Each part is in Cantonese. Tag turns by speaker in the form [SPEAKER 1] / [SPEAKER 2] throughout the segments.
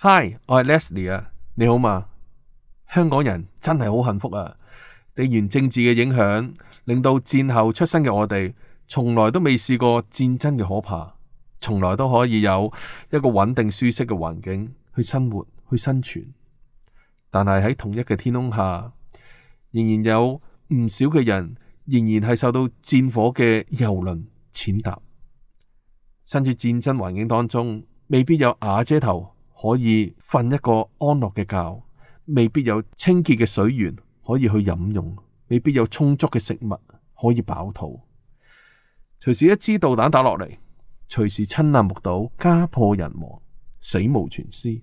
[SPEAKER 1] hi，我係 Leslie 啊，你好嘛？香港人真係好幸福啊！地緣政治嘅影響令到戰後出生嘅我哋，從來都未試過戰爭嘅可怕，從來都可以有一個穩定舒適嘅環境去生活去生存。但係喺同一嘅天空下，仍然有唔少嘅人仍然係受到戰火嘅蹂躪踐踏，身處戰爭環境當中，未必有瓦遮頭。可以瞓一個安樂嘅覺，未必有清潔嘅水源可以去飲用，未必有充足嘅食物可以飽肚。隨時一支導彈打落嚟，隨時親眼目睹家破人亡、死無全屍，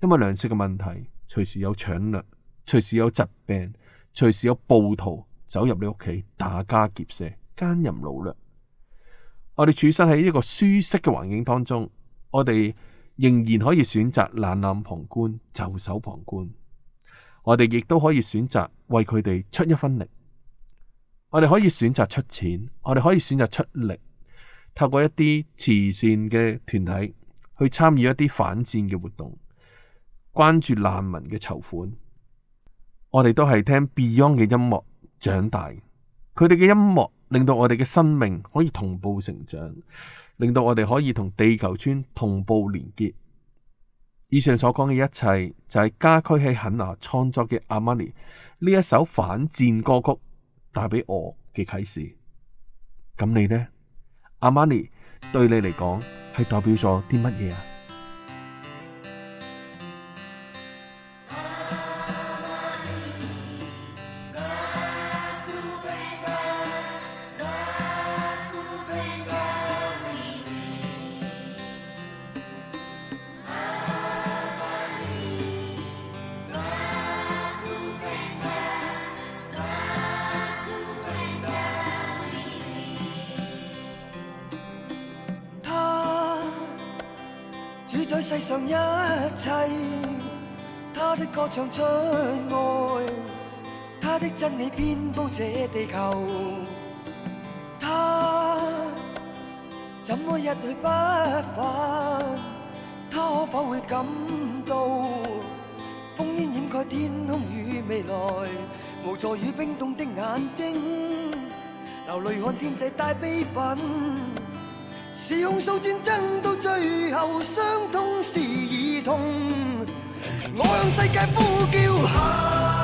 [SPEAKER 1] 因為糧食嘅問題，隨時有搶掠，隨時有疾病，隨時有暴徒走入你屋企打家劫舍、奸淫擄掠。我哋處身喺一個舒適嘅環境當中，我哋。仍然可以選擇冷眼旁觀、袖手旁觀，我哋亦都可以選擇為佢哋出一分力。我哋可以選擇出錢，我哋可以選擇出力，透過一啲慈善嘅團體去參與一啲反戰嘅活動，關注難民嘅籌款。我哋都係聽 Beyond 嘅音樂長大，佢哋嘅音樂，令到我哋嘅生命可以同步成長，令到我哋可以同地球村同步連結。以上所講嘅一切，就係家駒喺肯亞創作嘅阿瑪尼呢一首反戰歌曲帶畀我嘅啟示。咁你呢？阿瑪尼對你嚟講係代表咗啲乜嘢啊？
[SPEAKER 2] 主宰世上一切，他的歌唱出愛，他的真理遍布這地球。他怎麼一去不返？他可否會感到烽煙掩蓋天空與未來？無助與冰凍的眼睛，流淚看天際帶悲憤。是控訴戰爭到最後，傷痛是兒童。我向世界呼叫。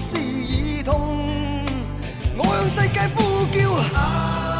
[SPEAKER 2] 是兒童，我向世界呼叫。